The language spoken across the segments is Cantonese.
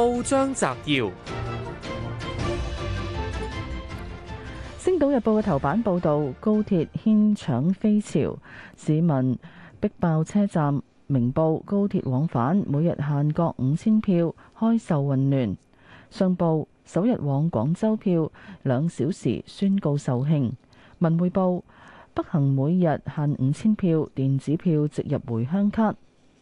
報章摘要：《星島日報》嘅頭版報道高鐵牽搶飛潮，市民逼爆車站。《明報》高鐵往返每日限各五千票，開售混亂。《上報》首日往廣州票兩小時宣告售罄。《文匯報》北行每日限五千票，電子票直入回鄉卡。《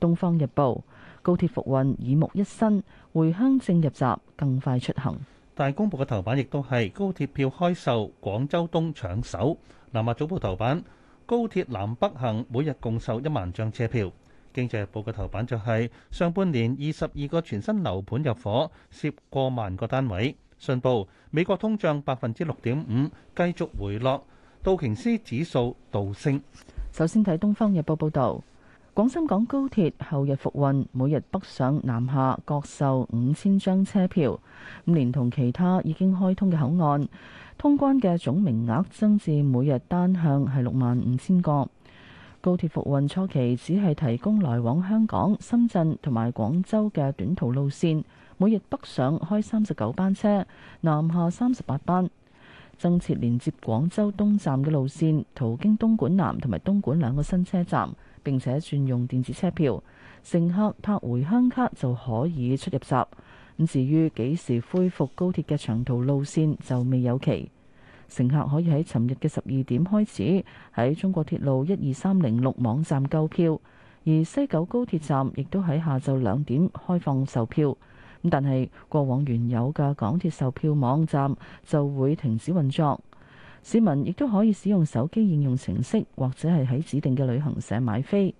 東方日報》高鐵復運耳目一新，回鄉證入閘，更快出行。大公報嘅頭版亦都係高鐵票開售，廣州東搶手。南華早報頭版，高鐵南北行每日共售一萬張車票。經濟日報嘅頭版就係上半年二十二個全新樓盤入夥，涉過萬個單位。信報，美國通脹百分之六點五，繼續回落，道瓊斯指數倒升。首先睇東方日報報道。廣深港高鐵後日復運，每日北上南下各售五千張車票。咁連同其他已經開通嘅口岸通關嘅總名額增至每日單向係六萬五千個。高鐵復運初期只係提供來往香港、深圳同埋廣州嘅短途路線，每日北上開三十九班車，南下三十八班。增設連接廣州東站嘅路線，途經東莞南同埋東莞兩個新車站。並且轉用電子車票，乘客拍回鄉卡就可以出入閘。咁至於幾時恢復高鐵嘅長途路線就未有期。乘客可以喺尋日嘅十二點開始喺中國鐵路一二三零六網站購票，而西九高鐵站亦都喺下晝兩點開放售票。咁但係過往原有嘅港鐵售票網站就會停止運作。市民亦都可以使用手機應用程式，或者係喺指定嘅旅行社買飛。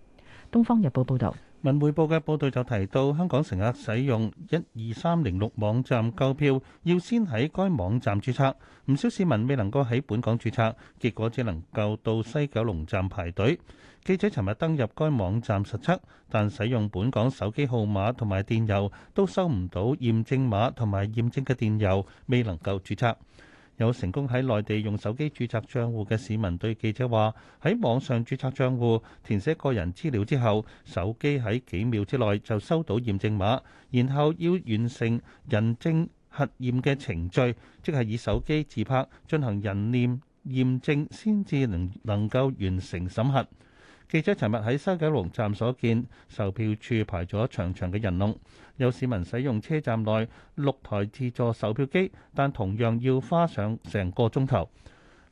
《東方日報》報導，文匯報嘅報道就提到，香港乘客使用一二三零六網站購票，要先喺該網站註冊。唔少市民未能夠喺本港註冊，結果只能夠到西九龍站排隊。記者尋日登入該網站實測，但使用本港手機號碼同埋電郵都收唔到驗證碼，同埋驗證嘅電郵未能夠註冊。有成功喺內地用手機註冊帳戶嘅市民對記者話：喺網上註冊帳戶，填寫個人資料之後，手機喺幾秒之內就收到驗證碼，然後要完成人證核驗嘅程序，即係以手機自拍進行人臉驗證，先至能能夠完成審核。記者尋日喺西九龍站所見，售票處排咗長長嘅人龍，有市民使用車站內六台自助售票機，但同樣要花上成個鐘頭。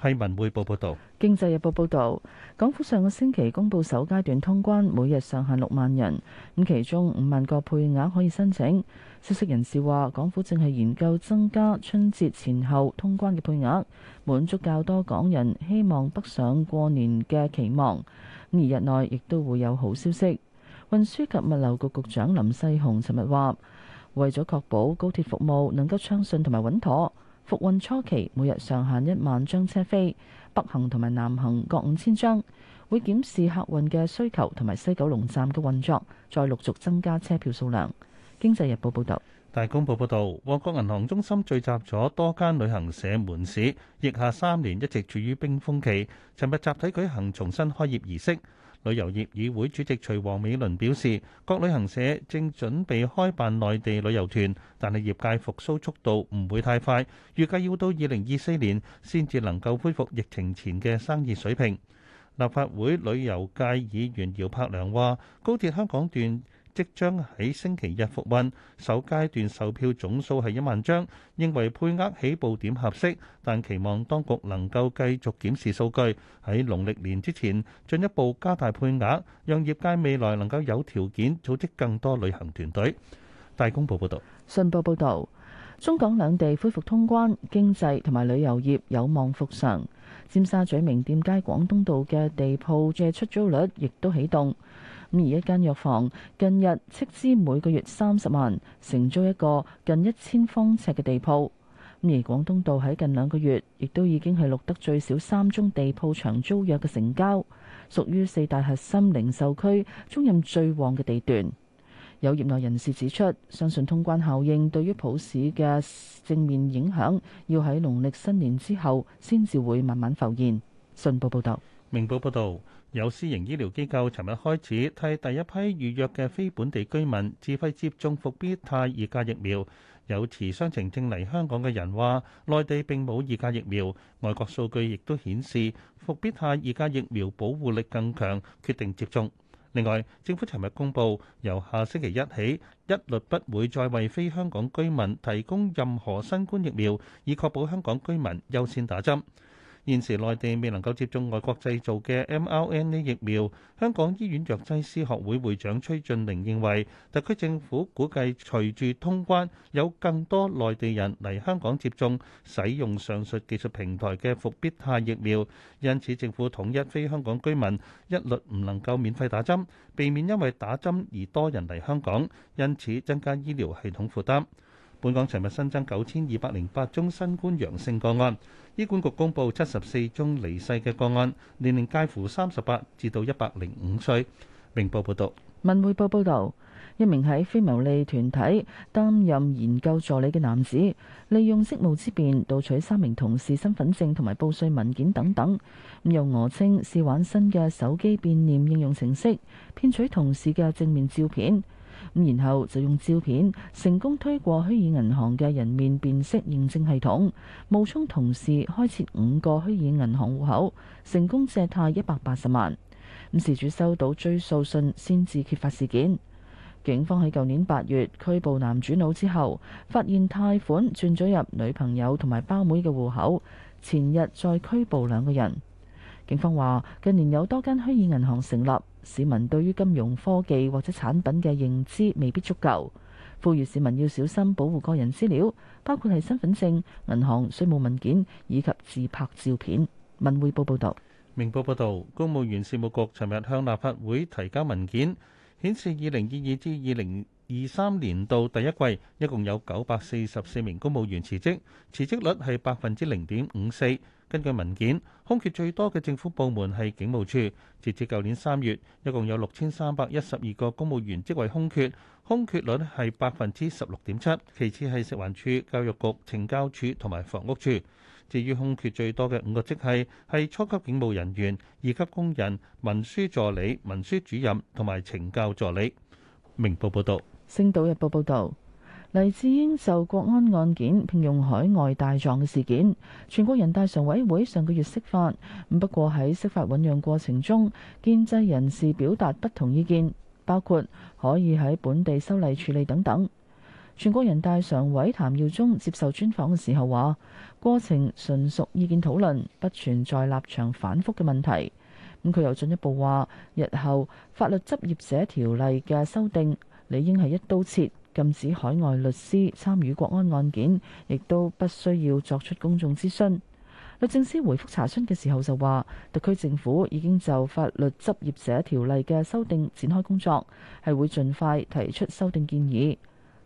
係文匯報報導。《經濟日報》報道，港府上個星期公布首階段通關，每日上限六萬人，咁其中五萬個配額可以申請。消息人士話，港府正係研究增加春節前後通關嘅配額，滿足較多港人希望北上過年嘅期望。而日內亦都會有好消息。運輸及物流局局長林世雄尋日話，為咗確保高鐵服務能夠暢順同埋穩妥，復運初期每日上限一萬張車飛，北行同埋南行各五千張，會檢視客運嘅需求同埋西九龍站嘅運作，再陸續增加車票數量。經濟日報報導。大公報報導，旺角銀行中心聚集咗多間旅行社門市，疫下三年一直處於冰封期。尋日集體舉行重新開業儀式。旅遊業議會主席徐王美倫表示，各旅行社正準備開辦內地旅遊團，但係業界復甦速度唔會太快，預計要到二零二四年先至能夠恢復疫情前嘅生意水平。立法會旅遊界議員姚柏良話，高鐵香港段即將喺星期日復運，首階段售票總數係一萬張，認為配額起步點合適，但期望當局能夠繼續檢視數據，喺農曆年之前進一步加大配額，讓業界未來能夠有條件組織更多旅行團隊。大公報報導，信報報導，中港兩地恢復通關，經濟同埋旅遊業有望復常。尖沙咀名店街廣東道嘅地鋪嘅出租率亦都起動。咁而一間藥房近日斥資每個月三十萬承租一個近一千方尺嘅地鋪。而廣東道喺近兩個月亦都已經係錄得最少三宗地鋪長租約嘅成交，屬於四大核心零售區中任最旺嘅地段。有業內人士指出，相信通關效應對於普市嘅正面影響要喺農曆新年之後先至會慢慢浮現。信報報道。明報報導。有私營醫療機構尋日開始替第一批預約嘅非本地居民自費接種復必泰二價疫苗。有持雙程證嚟香港嘅人話，內地並冇二價疫苗，外國數據亦都顯示復必泰二價疫苗保護力更強，決定接種。另外，政府尋日公布，由下星期一起，一律不會再為非香港居民提供任何新冠疫苗，以確保香港居民優先打針。現時內地未能夠接種外國製造嘅 mRNA 疫苗，香港醫院藥劑師學會會長崔俊玲認為，特區政府估計隨住通關，有更多內地人嚟香港接種使用上述技術平台嘅復必泰疫苗，因此政府統一非香港居民一律唔能夠免費打針，避免因為打針而多人嚟香港，因此增加醫療系統負擔。本港昨日新增九千二百零八宗新冠陽性個案，醫管局公布七十四宗離世嘅個案，年齡介乎三十八至到一百零五歲。明報報道，文匯報報道，一名喺非牟利團體擔任研究助理嘅男子，利用職務之便盜取三名同事身份證同埋報稅文件等等，咁又訛稱試玩新嘅手機變臉應用程式，騙取同事嘅正面照片。然後就用照片成功推過虛擬銀行嘅人面辨識認證系統，冒充同事開設五個虛擬銀行戶口，成功借貸一百八十萬。事主收到追訴信先至揭發事件。警方喺舊年八月拘捕男主腦之後，發現貸款轉咗入女朋友同埋包妹嘅戶口。前日再拘捕兩個人。警方話：近年有多間虛擬銀行成立，市民對於金融科技或者產品嘅認知未必足夠，呼籲市民要小心保護個人資料，包括係身份證、銀行稅務文件以及自拍照片。文匯報報道，明報報道，公務員事務局尋日向立法會提交文件，顯示2022至2023年度第一季一共有944名公務員辭職，辭職率係百分之零點五四。根據文件，空缺最多嘅政府部門係警務處，截至舊年三月，一共有六千三百一十二個公務員職位空缺，空缺率係百分之十六點七。其次係食環署、教育局、懲教處同埋房屋處。至於空缺最多嘅五個職系係初級警務人員、二級工人、文書助理、文書主任同埋懲教助理。明報報道。《星島日報》報道。黎智英受國安案件，聘用海外大狀嘅事件，全國人大常委會上個月釋法。不過喺釋法醞釀過程中，建制人士表達不同意見，包括可以喺本地修例處理等等。全國人大常委譚耀宗接受專訪嘅時候話，過程純屬意見討論，不存在立場反覆嘅問題，咁佢又進一步話，日後法律執業者條例嘅修訂理應係一刀切。禁止海外律師參與國安案件，亦都不需要作出公眾諮詢。律政司回覆查詢嘅時候就話，特區政府已經就法律執業者條例嘅修訂展開工作，係會盡快提出修訂建議。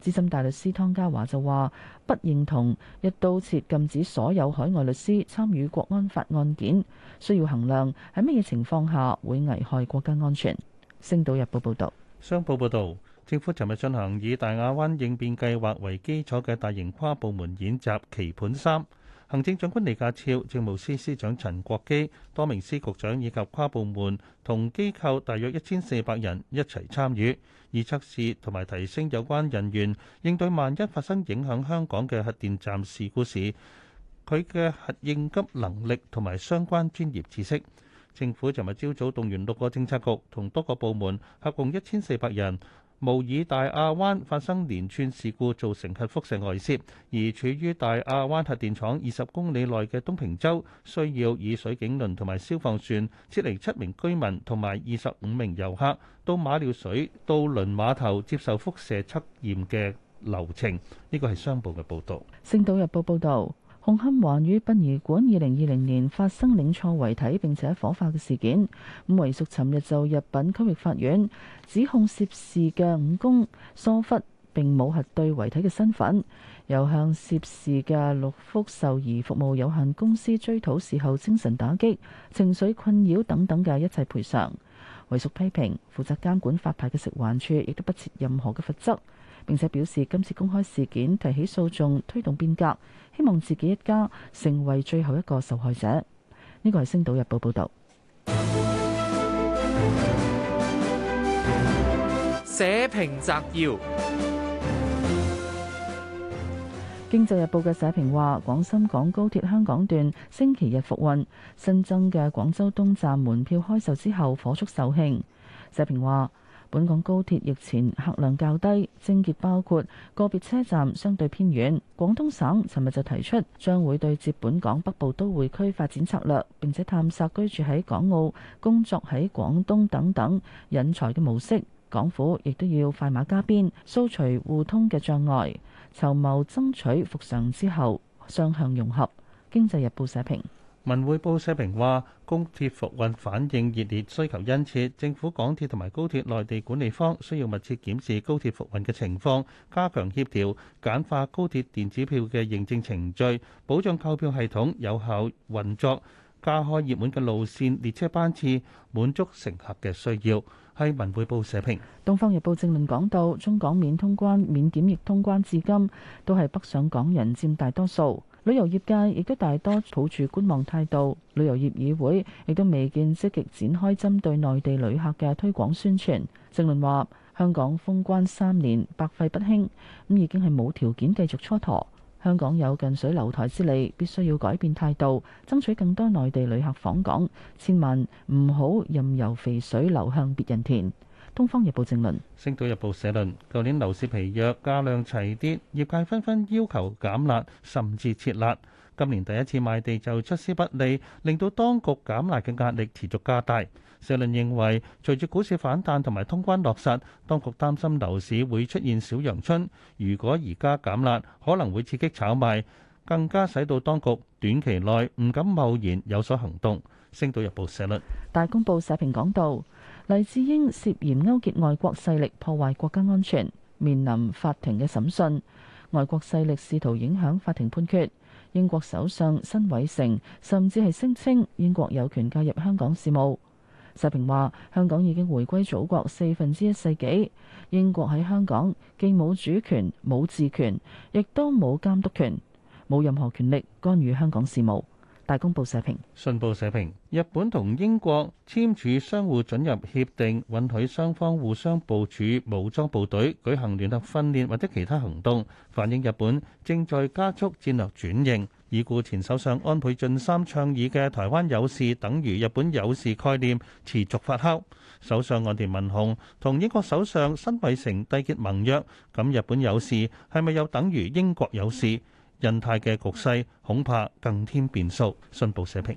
資深大律師湯家驊就話：不認同一刀切禁止所有海外律師參與國安法案件，需要衡量喺乜嘢情況下會危害國家安全。《星島日報》報道，《商報》報導。政府尋日進行以大亞灣應變計劃為基礎嘅大型跨部門演習，棋盤三。行政長官李家超、政務司司長陳國基、多名司局長以及跨部門同機構大約一千四百人一齊參與，以測試同埋提升有關人員應對萬一發生影響香港嘅核電站事故時佢嘅核應急能力同埋相關專業知識。政府尋日朝早動員六個政策局同多個部門，合共一千四百人。模擬大亞灣發生連串事故造成核輻射外泄，而處於大亞灣核電廠二十公里內嘅東平洲，需要以水警輪同埋消防船撤離七名居民同埋二十五名遊客，到馬料水渡輪碼頭接受輻射測驗嘅流程。呢個係商報嘅報導，《星島日報》報導。紅磡華宇殯儀館二零二零年發生領錯遺體並且火化嘅事件，遺屬尋日就入稟區域法院，指控涉事嘅五公疏忽，並冇核對遺體嘅身份，又向涉事嘅六福壽儀服務有限公司追討事後精神打擊、情緒困擾等等嘅一切賠償。維屬批評，負責監管發牌嘅食環署亦都不設任何嘅罰則，並且表示今次公開事件提起訴訟推動變革，希望自己一家成為最後一個受害者。呢個係《星島日報》報道。社評摘要。《經濟日報》嘅社評話：廣深港高鐵香港段星期日復運，新增嘅廣州東站門票開售之後火速售罄。社評話：本港高鐵疫前客量較低，症結包括個別車站相對偏遠。廣東省尋日就提出將會對接本港北部都會區發展策略，並且探索居住喺港澳、工作喺廣東等等引才嘅模式。港府亦都要快馬加鞭掃除互通嘅障礙，籌謀爭取復常之後雙向融合。經濟日報社評。文匯報社評話，公鐵復運反應熱烈，需求殷切。政府、港鐵同埋高鐵內地管理方需要密切檢視高鐵復運嘅情況，加強協調，簡化高鐵電子票嘅認證程序，保障購票系統有效運作。加開熱門嘅路線列車班次，滿足乘客嘅需要。係文匯報社評，《東方日報》政論講到，中港免通關、免檢疫通關至今，都係北上港人佔大多數。旅遊業界亦都大多抱住觀望態度，旅遊業議會亦都未見積極展開針對內地旅客嘅推廣宣傳。政論話，香港封關三年，百廢不興，咁已經係冇條件繼續蹉跎。香港有近水樓台之利，必須要改變態度，爭取更多內地旅客訪港。千萬唔好任由肥水流向別人田。《東方日報》正論，《星島日報》社論。舊年樓市疲弱，價量齊跌，業界紛紛要求減辣，甚至撤辣。今年第一次賣地就出師不利，令到當局減辣嘅壓力持續加大。社論認為，隨住股市反彈同埋通關落實，當局擔心樓市會出現小陽春。如果而家減辣，可能會刺激炒賣，更加使到當局短期內唔敢貿然有所行動。《星島日報》社論。大公報社評講道：黎智英涉嫌勾結外國勢力破壞國家安全，面臨法庭嘅審訊。外國勢力試圖影響法庭判決。英國首相辛偉誠甚至係聲稱英國有權介入香港事務。社評話：香港已經回歸祖國四分之一世紀，英國喺香港既冇主權、冇治權，亦都冇監督權，冇任何權力干預香港事務。大公報社評。信報社評，日本同英國簽署相互准入協定，允許雙方互相部署武裝部隊、舉行聯合訓練或者其他行動，反映日本正在加速戰略轉型。已故前首相安倍晉三倡議嘅台灣有事等於日本有事概念持續發酵。首相岸田文雄同英國首相辛偉誠締結盟約，咁日本有事係咪又等於英國有事？印太嘅局勢恐怕更添變數，信報社評。